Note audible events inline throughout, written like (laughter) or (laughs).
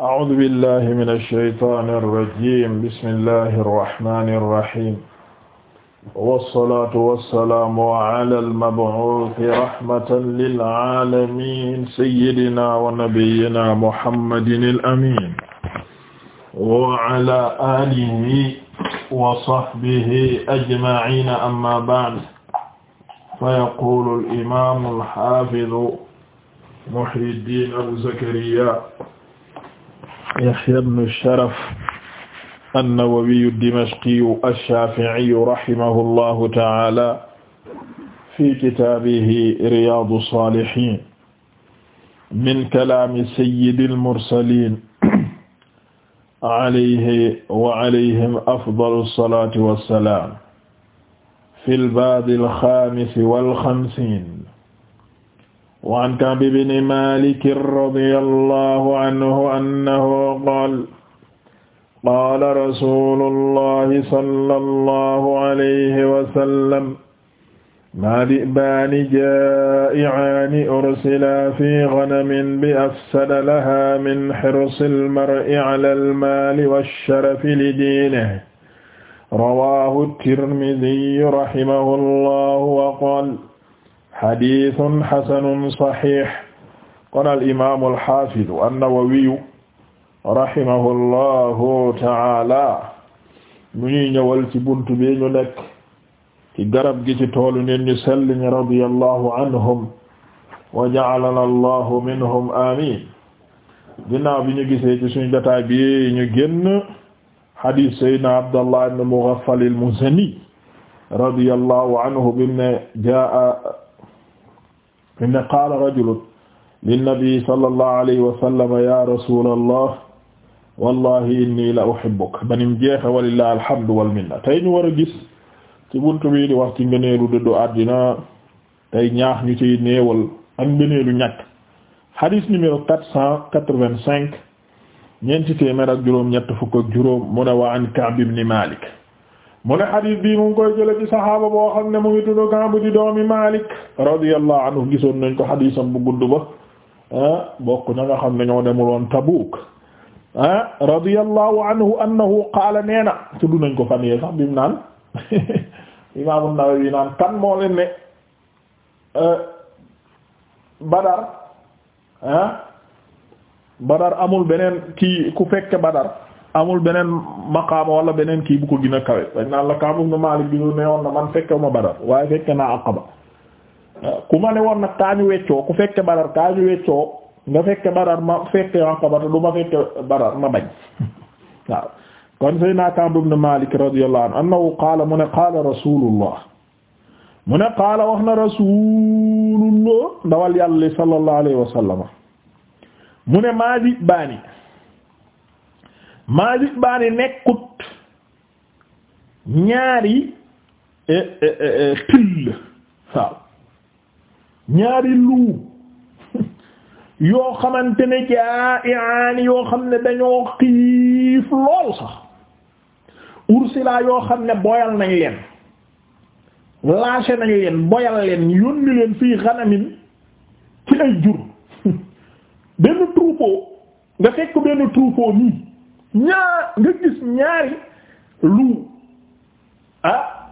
أعوذ بالله من الشيطان الرجيم بسم الله الرحمن الرحيم والصلاة والسلام على المبعوث رحمة للعالمين سيدنا ونبينا محمد الأمين وعلى آله وصحبه أجمعين أما بعد فيقول الإمام الحافظ محي الدين أبو زكريا Yahya ibn Sharaf an-Nawawi ad-Dimashqi ash-Shafi'i rahimahullahu ta'ala fi kitaabihi Riyadu s-Salihin min kalaami sayyidil mursaliin alayhi wa alayhim afdalu s-salaati wa s-salaam fil baabul xaamis wal xamsiin wa an Ka'b ibn Malik radiyallahu anhu annahu qaala qaala rasuulullahi sallallahu alayhi wa sallam maa di'baani jaa'i'aani ursilaa fii ganamin bi afsada lahaa min hirsil mar'i 'alal maali wash-sharafi li-diinihi rawaahu at-Tirmidhiyyu rahimahullaahu wa qaala xadiisun xasanun saxiix kon al imaamu al xaafidu an-Nawawiyu rahimahullahu taala mu ñuy ñëwal ci buntu bi ñu nekk ci garab gi ci toolu nit ñu sell ñi radiyallahu anhum wa ja'alana allahu minhum amiin ginnaaw bi ñu gisee ci suñu jotaay bi ñu génn xadiis Seydina Abdallah ibn Mughaffal al-Muzani radiyallahu anhu bi ne jaa inna qaala rajulun linnabi sallallahu alayhi wa sallam ya rasulallah wallahi inni la uhibbuka banim jeexe walillahi alhamdu wal minna tey ñu war a gis ci buntu bi di wax ci ngëneelu dëddu àddina tey ñaax ñu ciy néewal ak ngëneelu ñàkk hadith numéro quatre cent quatre-vingt-cinq ñeenti téeméer ak juróom ñett fukk ak juróom mu ne wa Ka'b ibn Malik mu ne xadis bii mu ngi koy jële ci saxaaba boo xam ne mu ngi tudd Kaab di doomi Maalik radiyallahu anhu gisoon nañ ko xadisam bu gudd ba ah, bokk na nga xam ne ñoo demuloon Tabuuk ah, radiyallahu anhu annahu qaala nee na tudd nañ ko fan yee sax bi mu naan (laughs) Imaam An-Nawawi naan kan moo leen ne eh, Badar ah, Badar amul beneen kii ku fekke Badar amul beneen maqaama wala beneen kii bu ko gën a kawe dañ naan la Kaab ibn Maalik bi ne woon na man fekke ma Badar waaye fekke naa Aqaba ah, ku ma ne woon nag kaa ñu weccoo ku fekke Badar kaa ñu weccoo nga fekke Badar ma fekke Aqaba te du ma fekke Badar ma bañ (laughs) waaw kon Seydina Kaab ibn Maalik radiyallahu anhu annahu qaala mu ne qaala Rasulullah mu ne qaala wax na Rasulullah ndawal yàlla sallallahu alayhi wa mu ne maa baani maa yutbaani nekkut ñaari xill eh, eh, eh, waaw ñaari lu (laughs) yoo xamante ne jaa'iaani yoo xam ne dañoo xiif lool sax ursilaa yoo xam ne boyal nañ leen lâché nañ leen boyal leen yónni leen fii xanamin ci ay jur (laughs) benn troupeau nga fekk benn troupeau nii ñaar nga gis ñaari lu ah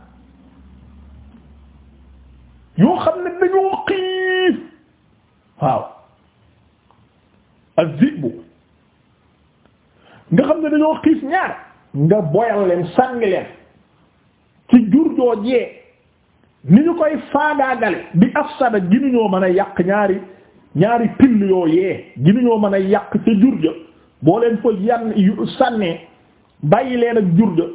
yoo xam ne dañoo xiif waaw az-zibu nga xam ne dañoo xiif ñaar nga boyal leen sànni leen ci jur joojee ni ñu koy faagaagale bi afsada ginuñoo mën a yàq ñaari ñaari pill yooyee ginuñoo mën a yàq jur ja boo leen fël yan sànnee bàyyi leen ak jur ja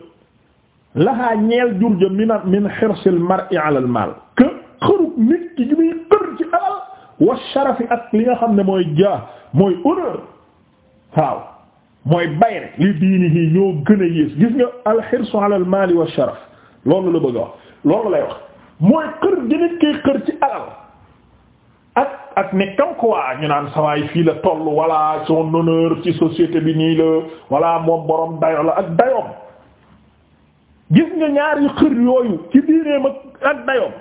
laxaa ñeel jur ja min min xirsil mar'i ala al mal que xërug nit ki gi muy xër ci alal wa sharafi ak li nga xam ne mooy jaa mooy honneur waaw mooy bayre li diinihi ñoo gën a yées gis nga al xirsu ala al mal wa sharaf loolu la bëgg a wax loolu lay wax mooy xër gi nit kiy xër ci alal ak nekkam quoi ñu naan sawaay fii la toll walla son honneur ci société bi nii la walla moom borom dayo ak dayoom gis nga ñaari xër yooyu ci diineem ak dayoom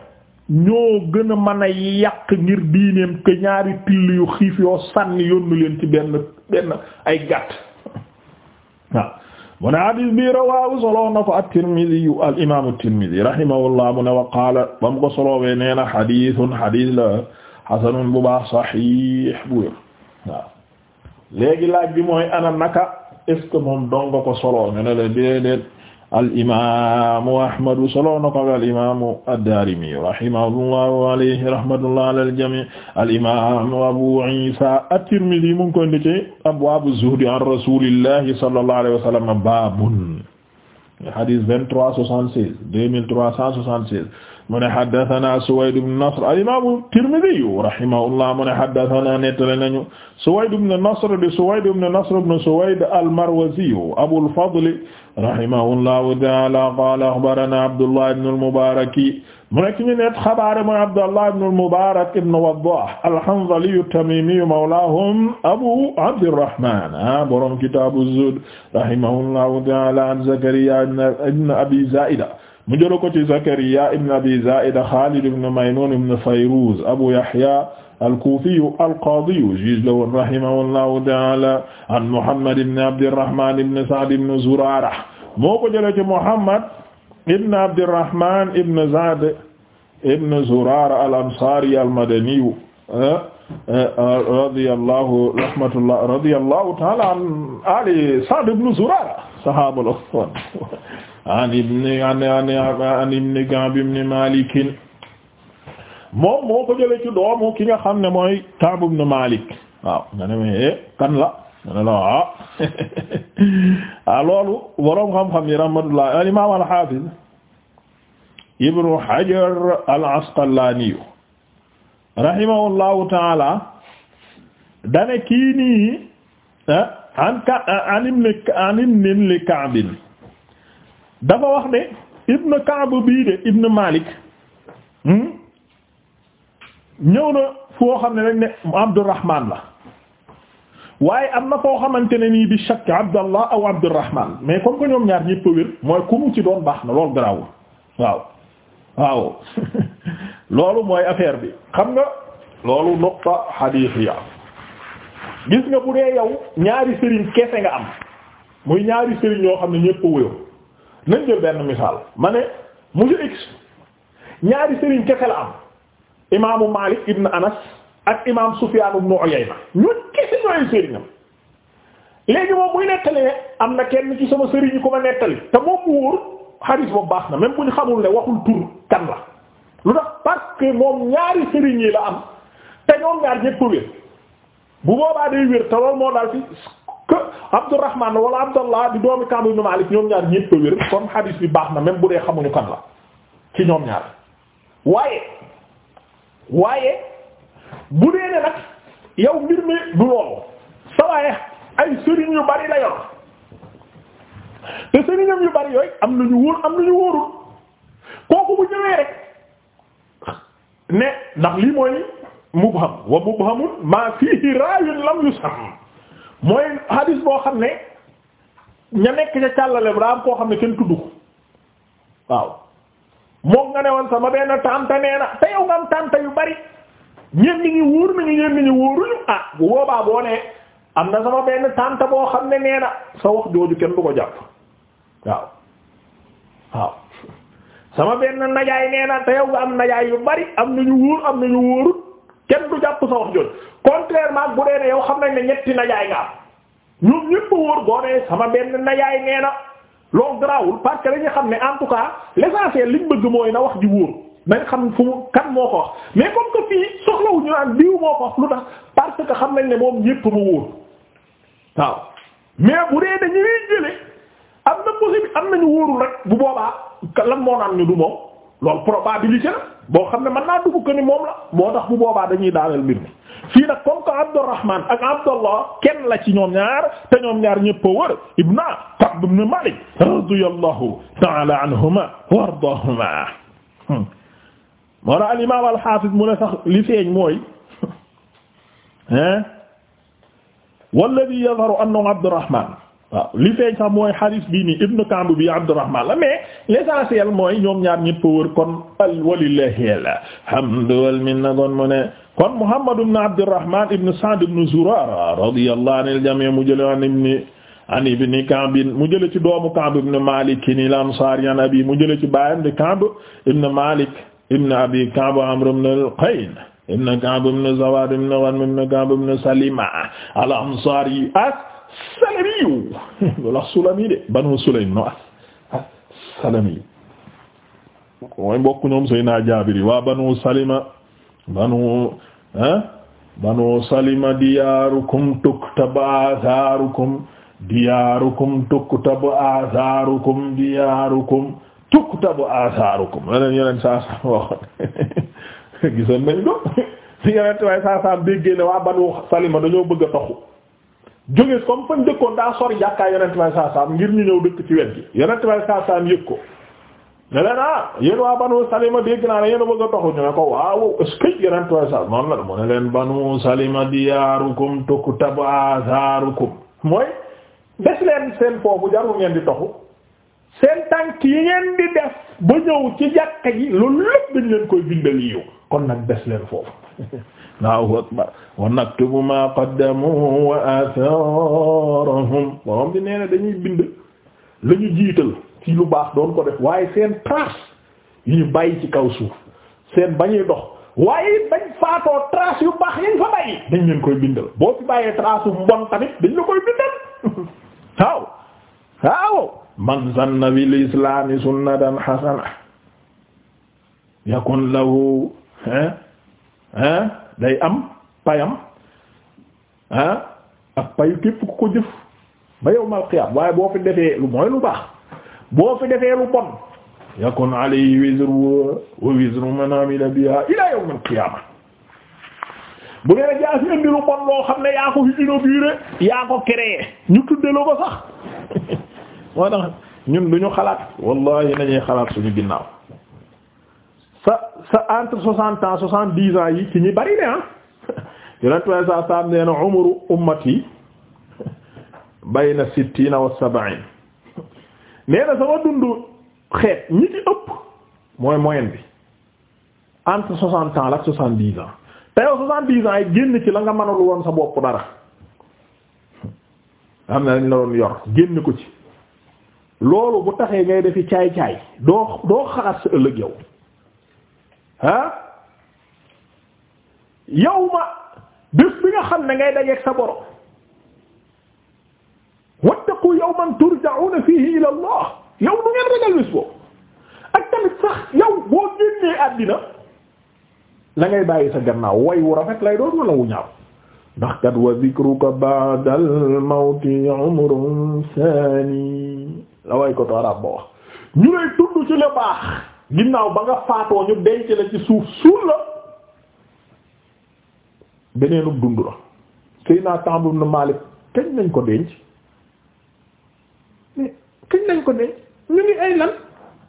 ñoo gën a mën a ngir diineem que ñaari till yu xiif yoo sànni yónnu leen ci benn ay gàtt waaw mu ne bi rawaahu soloo na ko at yu al imam at-Tirmidhi rahimahullah mu wa qaala ba mu ko solowee la xasanun bu baax saxiix bu wér waaw léegi laaj bi mooy ana naka est ce que moom donga ko solo ñu ne leen déedéet al imaamu ahmadu solo na ko al imaamu ad-Daarimi rahimahullahu alayhi rahmatullah ala al-jamii al imaamu abu Iisa at-Tirmidi mu ngi koy indi ci abwaabu zuhdi an rasuulillahi sallallahu alayhi wa sallam baabun hadiis 2376 2376 mu ne haddathana Suwayd ibn Nasr al-imam Tirmidhi rahimahullah mu ne haddathana nettali nañu Suwayd ibn Nasr di Suwayd ibn Nasr ibn Suwayd al-Marwazi Abul Fadl rahimahullahu ta'ala qala akhbarana Abdullah ibn al-Mubarak mu nekk ñu net xabaare mooy Abdullah ibn al-Mubarak ibn Waddah al-Hanzali at-Tamimi mawlahum Abu Abdirrahman borom kitab az-Zuhd rahimahullahu ta'ala an Zakariya ibn Abi Zaida mu jëloon ko ci Zakariya ibn Abi Zaida Xaalid ibn Maymun ibn Fayruz Abu Yahya al-Kufi al-Qadi juge la woon rahimahullahu ta'ala an Muhammad ibn Abdirrahman ibn Sa'd ibn Zurara moo ko jëlee ci Muhammad ibn Abdirrahman ibn Sa'd ibn Zurara al-Ansari al-Madani radiyallahu rahmatullah radiyallahu ta'ala an ali Sa'd ibn Zurara sahaaba la woon an ibni an ibn Malik moo ko jëlee doomu ki nga xam ne mooy Ka'b ibn Malik waaw eh, kan la nga ne la ah (laughs) ah loolu boroom xam-xam al imam al Hajar al Asqalani rahimahullahu taala dane eh, an ka an dafa wax ne Ibn Ka'b bii de Ibn Malik hmm, ñëw na foo xam ne dañ ne Abdurrahman la waaye am na foo xamante ne nii bi shakk Abdallah aw Abdurrahman mais comme que ñoom ñaar ñëpp a wér mooy ku mu ci doon baax na loolu garaawul waaw waaw (laughs) loolu mooy affaire bi xam nga loolu nuqta hadithiya gis nga bu dee yow ñaari sëriñ kese nga am muy ñaari sëriñ yoo xam ne ñëpp a nañ jël benn misaal ma ne monsieur X ñaari sëriñ kese la am imaamu Malik ibn Anas ak imaam Sufyaan ibn Uyayna ñu kese ñooy sëriñam léegi moom muy nettali ne am na kenn ci sama sëriñ ko ma nettali te moom mu wóor xadiis boobu baax na même bu ñu xamul ne waxul tur kan la lu tax parce que moom ñaari sëriñ la am te ñoom ñaar ñépp wér bu boobaa day wér te loolu moo daal fi que Abdourahman wala Abdallah di doomi Ka'b ibn Malik ñoom ñaar ñépp a wér kon hadith bi baax na même bu dee xamuñu kan la ci ñoom ñaar waaye waaye bu dee ne nag yow mbir mi du loolu sawaye ay sëriñ yu bari la yor te sëriñam yu bari yooyu am nañu wóor am nañu wóorul kooku bu ñëwee rek ne ndax lii mooy mubham wa mubhamun ma fihi ra'yun lam yusam mooy hadis boo xam ne ña nekk ca càllale bi koo xam ne kenn tudd waaw moom nga ne woon sama benn tànta nee na te yow nga am tànta yu bari ñeen ñi wóor nañu ñeen ñi wóoruñu ah bu boobaa boo nee am na sama benn tànta boo xam ne nee na sa wax jooju kenn du ko jàpp waaw waaw sama benn najaay nee te yow nga am najaay yu bari am nañu wóor am nañu wóorut kenn du jàpp sa wax jooju contrairement bu dee ne yow xam nañ ne ñetti najaay nga am ñoom ñépp wóor boo nee sama benn najaay nee na loolu garaawul parce que dañuy xam ne en tout cas l'essentiel liñ bëgg mooy na wax ji wóor nañ xam fu kan moo ko wax mais comme que fii ñu naan diw moo ko wax lu tax parce que xam nañ ne moom ñépp mu wóor waaw mais bu dee dañuy jële am na possible am nañu wóorul rek bu boobaa lan moo naan ñu du moom loolu probabilité la. boo xam ne man naa dugg ko ni moom la moo tax bu boobaa dañuy daaneel mbir mi fii nag comme que Abdurrahman ak Abdullah kenn la ci ñoom ñaar te ñoom ñaar ñëpp a wër ibna Ka'b ibn Malik radiyallahu ta'ala anhuma wa ardaahuma hmm. al imam mu ne sax li feeñ mooy hein walladhi yadharu annahu Abdurrahman waaw li feeñ sax mooy hadith bii nii ibnu Ka'b bi Abdurrahman la mais l'essentiel mooy ñoom ñaar ñëpp wër kon al walillahi alhamdu wal minna kon mu ne kon Muhammad ibn Abdurrahman ibn Sa'd ibn Zurara radiyallahu anil jami' mu jële an ibni an ibni Ka'b mu jële ci doomu Ka'b ibn Malik ni al-Ansari an abi mu jële ci baayam di Ka'b ibn Malik ibn abi Ka'b Amr ibn al-Qayn ibn Ka'b Salima al-Ansari salamiyu wala sulami de banu sulaym no ak ah, ah, salamiyu mooy mbokk ñoom Seydina Jaabir waa banu salima banu ah banu salima diyaarukum tuktab athaarukum diyaarukum tuktab athaarukum diyaarukum tuktab athaarukum yeneen yeneen saa saa waxoon (laughs) gisoon nañ (laughs) waa banu salima dañoo bëgg a toxu jóge comme fan dëkkoon daa sori jàkkaay yonent bay saa saam ngir ñu ñëw dëkk ci wet gi yonent bay saa saam yëg ko ne ah yéen waa banu salima dégg naa ne yéen a bëgg a toxu ñu ne ko waaw est-ce que yonent bay noonu la mu ne banu salima diyaarukum tuktabu azaarukum mooy des leen seen foofu jarul ngeen di toxu seen tànk yi ngeen di def ba ñëw ci jàkka ji loolu lépp dañ leen koy bindal yiw kon nag des leen foofu (laughs) Allahu akbar wa naktubu ma qaddamu wa atharahum borom bi nee na dañuy bind la ñu jiital lu baax doon ko def waaye seen trace yi ñu bàyyi ci kaw suuf seen dox waaye bañ faatoo trace yu baax yañ fa bàyyi dañ leen koy bindal boo fi bàyyee trace yu mbon tamit dañ la koy bindal (laughs) waaw waaw man zanna bil islami sunnatan hasana yakun lahu hein hein day am payam ah ak payu képp ku ko jëf ba yawmal qiyaam waaye boo fi defee lu mooy lu baax boo fi defee lu bon yakun alayhi wizru wa wizru man amila biha ila yawmal qiyaama bu nee na yaa fi indi lu bon loo xam ne yaa ko fi inauguré yaa ko créé ñu tuddelo ko sax (laughs) moo tax ñun du ñu xalaat wallahi nañuy xalaat suñu ginnaaw sa sa entre soixante ans soixante dix ans yi ci ñi bari ne ah (laughs) yonent way sa saam nee na umru ummati bayna sittina wa sab'in nee na sama dundu xeet ñi ci ëpp mooy moyenne bi entre soixante ans la ak soixante dix ans te yow soixante dix ans yi génn ci la nga mënul woon sa bopp dara am na lañ la doon yor génn ko ci loolu bu taxee ngay defi caay-caay doo doo xalaat sa ëllëg yow ah yow ma bés nga xam ne ngay sa borom wattaqu yawman turja'una fihi ila Allah yow nu ngeen ragal bés boobu ak sax yow boo génnee àddina la bàyyi sa gannaaw way wu rafet lay doon wala wu ñaaw ndax kat wa zikruka ba'dal mawti umrun sani ñu lay tudd ci le baax ginnaaw ba nga faatoo ñu denc la ci suuf suul la beneenub dund la Seydina Ka'b ibn Malik kañ nañ ko denc mais nañ ko denc ñu ngi ay lan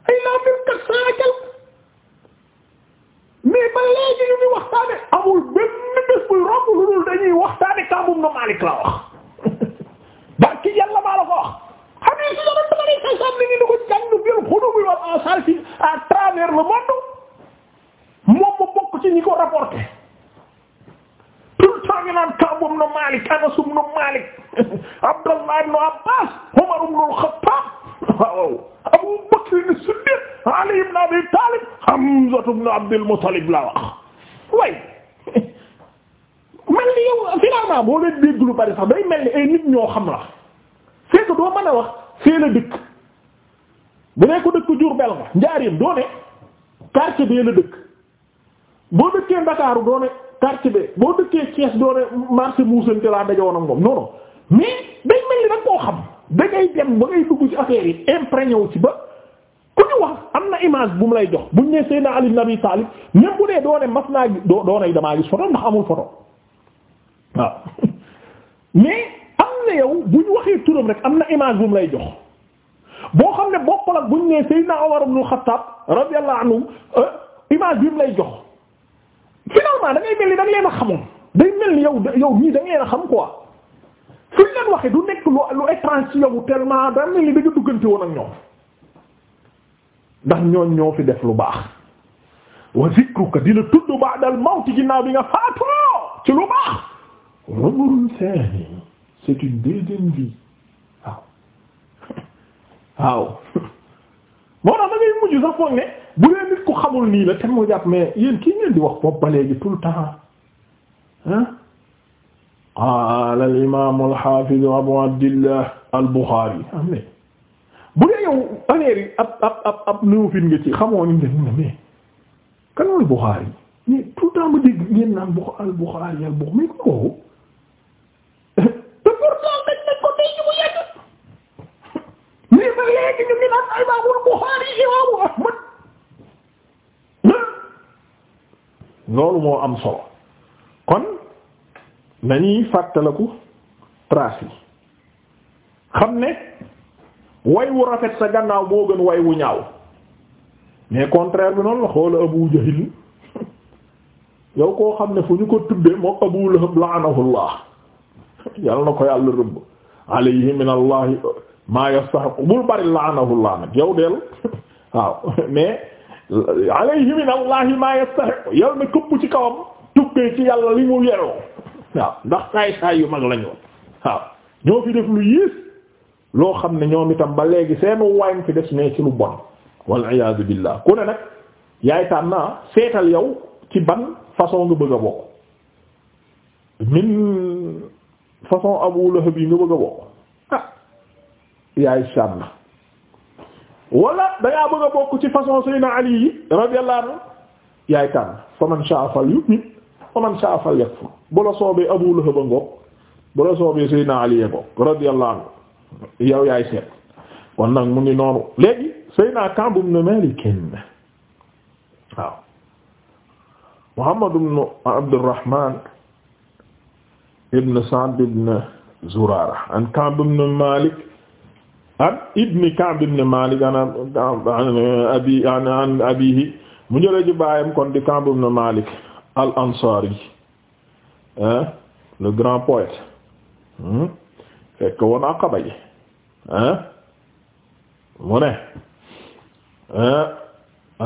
ay la mille quatre mais ba léegi ñu ngi waxtaane amul benn bés buy romb lu dul dañuy waxtaane Ka'b ibn Malik la wax (laughs) barki Yàlla maa la ko wax xamee si yonent bi alayhi salaam ni ñu ko jàng bil xudubi wal asaar ci à travers le monde moom mu bokk ci ñi ko rapporté tout le temps ñu naan Kaab ibn Maalik Anas ibn Maalik (laughs) Abdallah ibn Abbaas Umar ibn al-Khattaab waaw Abu Bakr as-Siddiq Ali ibn Abi Taalib Hamza ibn Abdul Muttalib la wax way (laughs) mel ni yow finalement boo leen dégg lu bari sax day mel nit ñoo xam la c'est que doo mën wax fee la dëkk bu dee ko dëkk Diourbel nga njaareem doo ne quartier bee la dëkk boo dëkkee Ndakaaru doo ne quartier bee boo dëkkee Thiès doo ne marché Moussante laa dajowoon ak moom non mais day mel ni koo xam da ngay dem ba ngay dugg ci affaire yi imprégné wu ci ba ku ñu wax am na image bu mu lay jox buñ ne Seydina Ali ibn Abi Talib même bu dee doo ne mas naa doo doo ne damaa gis photo ndax amul photo waaw (laughs) mais. ne yow bu ñu waxee am na image bu mu lay jox boo xam ne bokkul ak bu ñu nee Seydina Umar ibn Khattab radiyallahu anhu euh, image bi mu lay jox finalement da ngay mel ni da leen a xamoon day mel ni yow yow ñii leen a xam quoi suñ leen waxee du nekk lu lu étrange ci yow tellement da mel ni da duggante woon ak ñoom ndax ñooñ ñoo fi def lu baax. wa zikruka di la tudd ba'dal mawti ginnaaw bi nga faatoo ci lu baax. c'est une deuxième vie waaw waaw moo tax da ngay mujj sax foog ne bu dee nit ku xamul nii la te mu jàpp mais yéen kii ngeen di wax bopp ba léegi le temps ah qaala al imam al hafiz abu abdillah al bukhari am bu dee yow affaire yi ab ab ab ab nga ci xamoo ni nga ne mais kan mooy bukhari mais temps mu dégg ngeen naan bu al bukhari al bukhari mais ko denc bu lii ba léegi ñu ngi naan imaamul Buxaari imaamu Ahmad loolu moo am solo kon nañuy fàttaliku trace xam ne way wu rafet sa gannaaw moo gën way wu ñaaw mais contraire bi noonu la xoola Abu (laughs) yow koo xam ne fu ñu ko tuddee moo Abu Lahab la'anahu Allah (laughs) yàlla na ko yàlla rëbb alayhi min allahi maa yastahiqu bul bari laanahullah nag yow deel (laughs) waaw mais alayhi min allahi maa yastahiqu yow na këpp ci kawam tukkee ci yàlla li mu yeroo waaw ndax saay saay yu mag lañu woon waaw ñoo fi def lu yiis loo xam ne ñoom itam ba léegi seen waañ fi des ne ci lu bon wal iyaadu billah ku ne nag yaay naa ah, seetal yow ci ban façon nga bëgg a bokk min façon Abu Lahab yi nga bëgg bokk ah, yaay sànn wala dangaa bëgg bokk ci façon Seydina Ali yi radiyallahu anhu yaay tànn fa man sha'a falyu'min fa man sha'a falyakfur bu la soobee Abu Lahab a ngoog bu la soobee Seydina Ali a ngoog radiyallahu anhu yow yaay seet kon nag mu ngi noonu léegi Seydina Ka'b ibn Malik waaw Muhammad ibn Abdurrahman ibn Sa'd ibn Zurara an Ka'b ibn Malik an ibn Ka'b ibn Malik an abi an abihi mu jëlee ji kon di Ka'b ibn Malik al Ansari le grand poète hmm, fekk woon Aqaba ji mu ne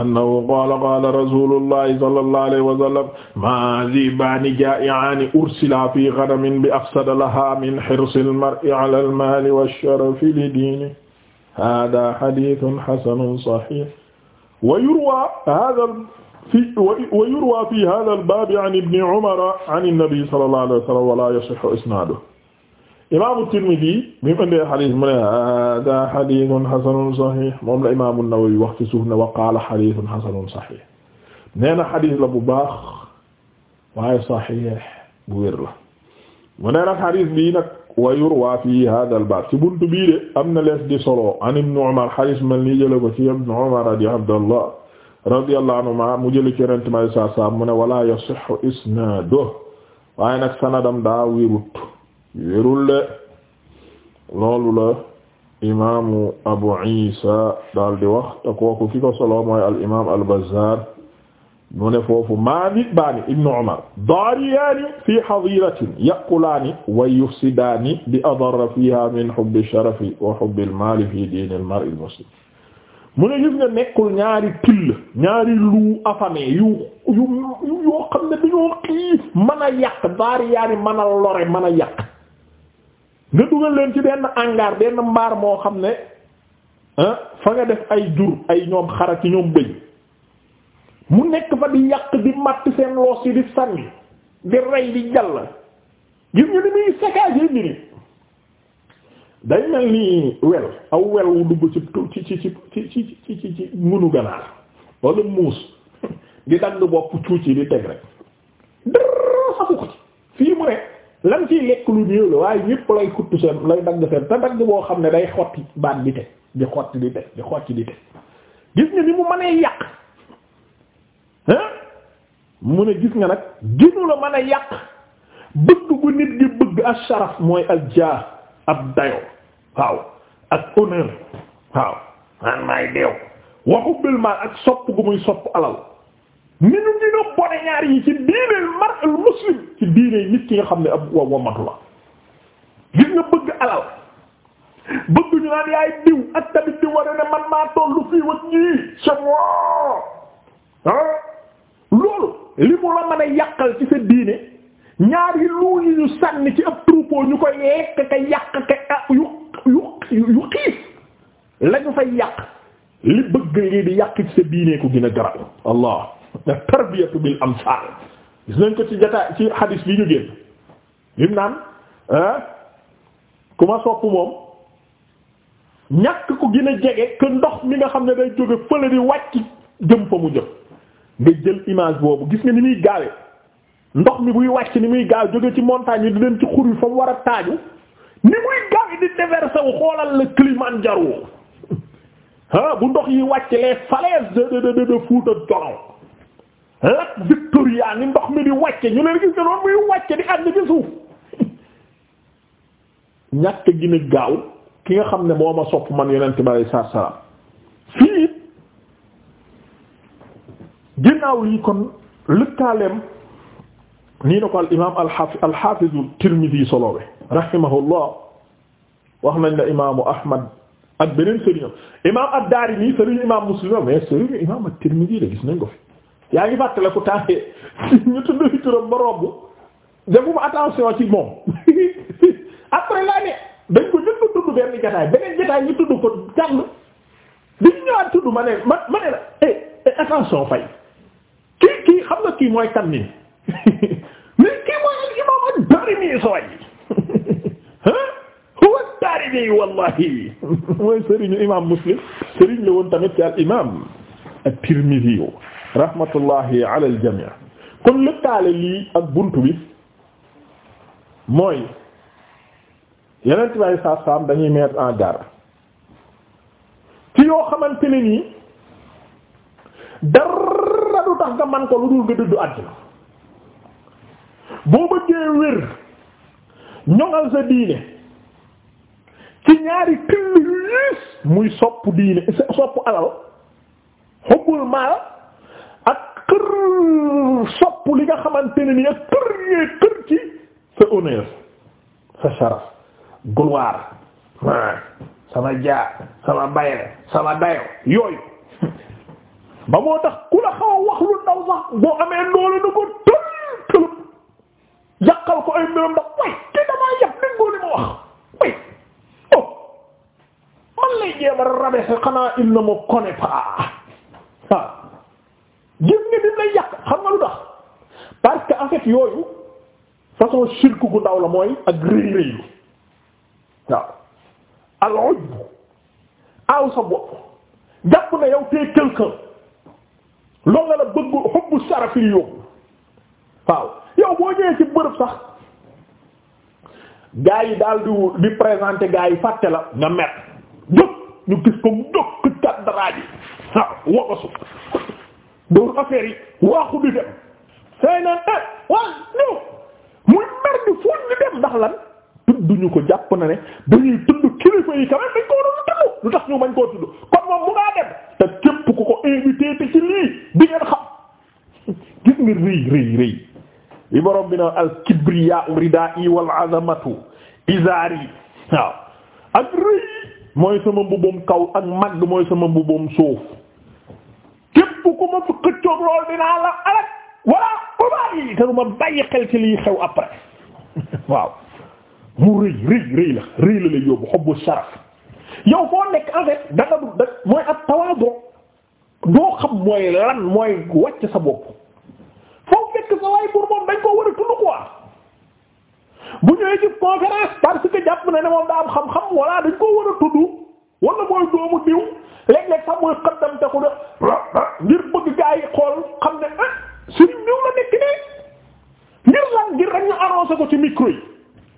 annahu qaala qaala rasulullahi sallallahu alayhi wa sallam ma zibaani jaa'i'aani ursila fi ghanamin bi afsada laha min hirsil mar'i ala al-maali wash-sharafi li diinihi haadaa hadiisun hasanun sahiih wa yurwaa haadhaa fi wa yurwaa fi haadhaa al-baabi an ibni umara an an-nabii sallallahu alayhi wa sallam wa laa yasihhu isnaaduhu imaamu Tirmidi bi mu indee xadis mu ne hada xadisun xasanun saxiix moom la imaamu Nawawi wax ci suuf ne wa qaala xadisun xasanun saxiix nee na xadis la bu baax waaye saxiix bu wér la mu nee nag xadis bii nag wa yurwa fii hada al baab ci buntu bii de am na lees di solo an ibnu Umar xadis mel nii jële ko ci ibnu Umar di Abdallah radiyallahu anhuma mu jële ci Yonent mi sallallahu alayhi wa sallam mu ne wala yasihhu isnaaduhu waaye nag sanadam daa wérut wérul de loolu la imaamu abu isa daal di wax te kooku ki ko solo al imaam al bazzar mu ne foofu maa bitbaani ibnu umar daariyaani fi hadiratin yaqulaani wa yufsidaani bi adarra fiha min hubbi sharafi wa hubbi almaali fi diini almari almuslim mu ne gis nga nekkul ñaari till ñaari lu afame yu yu yoo xam ne dañoo xiif mën a daariyaani mën lore mën a nga dugal leen ci benn hangar benn mbaar moo xam ne ah, fa nga def ay jur ay ñoom xara ci ñoom bëy mu nekk fa di yàq di matt seen loos yi di sànni di rey di jàll gis ñu ni muy saccagé bi ni day mel ni wel aw wel wu dugg ci ci ci ci ci ci ci ci munu ganaar wala muus (laughs) di dagg bopp cuuci di teg rek dara xamu ko ci fii mu ne lan ciy lekk lu néew la waaye ñépp lay kutt seen lay dagg seen te dagg boo xam ne day xotti baat bi te di xotti di te di xotti di te gis nga ni mu mënee yàq hein mu ne gis nga nag ginu la mën a yàq bëgg gu nit di bëgg asharaf mooy aljaah ab dayoo waaw ak honneur waaw man maay deew waxu bil mal ak sopp gu muy sopp alal ni ñu gën a ñaar yi ci diineel mar al muslim ci diineel nit ki nga xam ne ab wa wamatu la gis nga bëgg alal bëgg ñu naan yaay diw ak tamit di war ne man maa tollu fii wat ñii c'est moi loolu li mu la mën a yàqal ci sa diine ñaari luuñu ñu sànni ci ab troupeau ñu ko yekk ka yàq ka ah, yu yu yu xiif lañu fay yàq li bëgg lii di yàq ci sa diine ko gën a garab allah tarbiyatu bil amsal gis nañ ko ci jotaay ci hadis bi ñu génn lim naan ah, ku ma sopp moom ñàkk ko gën a jege que ndox mi nga xam ne day jóge fële di wàcc jëm fa mu jëm nga jël image boobu gis nga ni muy gaawee ndox mi buy wàcc ni muy gaaw jóge ci montagne yi di dem ci xur yi fa mu war a taaju ni muy gaawee di déverser wu xoolal la Kilimanjaro (laughs) ah bu ndox yi wàcc les falaises de de de de Fuuta Joro Lac Victoria ni ndox mi di wàcce ñu leen gis noonu muy wàcce di ànd ci suuf ñàkk gina gaaw ki nga xam ne moo ma sopp man yonent bi alay salaam fii it ginnaaw lii kon lëkkaaleem nii na ko al imaam al xaafi al xaafizu Tirmidi solowe rahimahullah wax nañ la imaamu Ahmad ak beneen sëriñam imaam ad-Daarimi sëriñu imaam Muslim mais sëriñu imaam at-Tirmidi la gis nañ ko yaa ngi fàttale ku taxee ñu tudd fi turam ba robb defuma attention ci moom (laughs) après laa ne dañ ko ñëpp tudd benn jotaay beneen jotaay ñu tudd ko jàng bi ñu ñëwaat tudd ma ne ma ma ne la eh, eh attention fay kii kii xam nga kii mooy kan nii (laughs) mais kii mooy al-imaam ad-Daarimi sooy (laughs) huwa ad-Daarimi wallahi mooy sëriñu imaam Muslim sëriñ la woon tamit ci al-imaam at-Tirmidhi rahmatullahi ala al jami' kon lëkkaale lii ak bunt bi mooy yeneen way sa dañuy mettre en garde ci yoo xamante ne nii dara du tax nga man ko lu dul nga dëddu àddina boo bëggee wér ñoŋal sa diine ci ñaari till yu muy sopp diine sopp alal xubbul maal kër sopp li nga xamante ne ni ak kër yee kër ci sa honneur sa sharaf gloire sama jaar sama bayre sama dayo yooyu ba moo tax ku la xaw wax lu ndaw sax boo amee doole na ko tël tëlëb yàqal ko ay mbiram ndax way te damaa yàpp ma wax way oh man lay jéem a rabe xanaa il ne me connaît pas gis nga dim lay yàq xam nga lu tax parce que en yooyu façon shirk gu ndaw la mooy ak rëy rëylu waaw aloj bu aaw sa na yow tee quelqu'un loolu nga la bëgg xubbu sarafil yóbbu waaw yow boo ñëwee ci bërëb sax gaa yi daal di di présenter gaa yi fàtte la nga met jóg ñu gis ko mu jóg ci kàddaraa dooru affaire yi waaxu di dem say naan ah waaw ñëw muy mer bi foog dem ndax lan tudduñu ko jàpp na ne dañuy tudd kilifa yi quand même dañ ko tudd lu tax ñu bañ koo tudd kon moom mu ngaa dem te képp ku ko invité te ci lii di ngeen xam (laughs) gis nga rëy rëy rëy li borom bi na al kibriya ridaa'i wal waaw ak rëy mooy sama mbubum kaw ak mag mooy sama mbubum suuf képp ku ma fi xëccoog lool dinaa la alal wala ubaay yi te du ma bàyyi xel ci liy xew après (laughs) waaw mu rëy rëy rëy la la lay yóbbu xobbu saraf yow foo nekk en fait da nga du mooy ab tawaadu doo xam mooy lan mooy wàcc sa bopp foo fekk sa waay pour dañ koo war a tudd quoi bu ñëwee ci conférence parce que jàpp na ne moom daa xam-xam wala dañ koo war a tudd wala mooy doomu diw léeg-léeg sax muy xaddamte ku def ngir bëgg gaa yi xool xam ne ah sëriñ ñëw la nekk nii ngir lan ngir rek ñu annoncé ko ci micro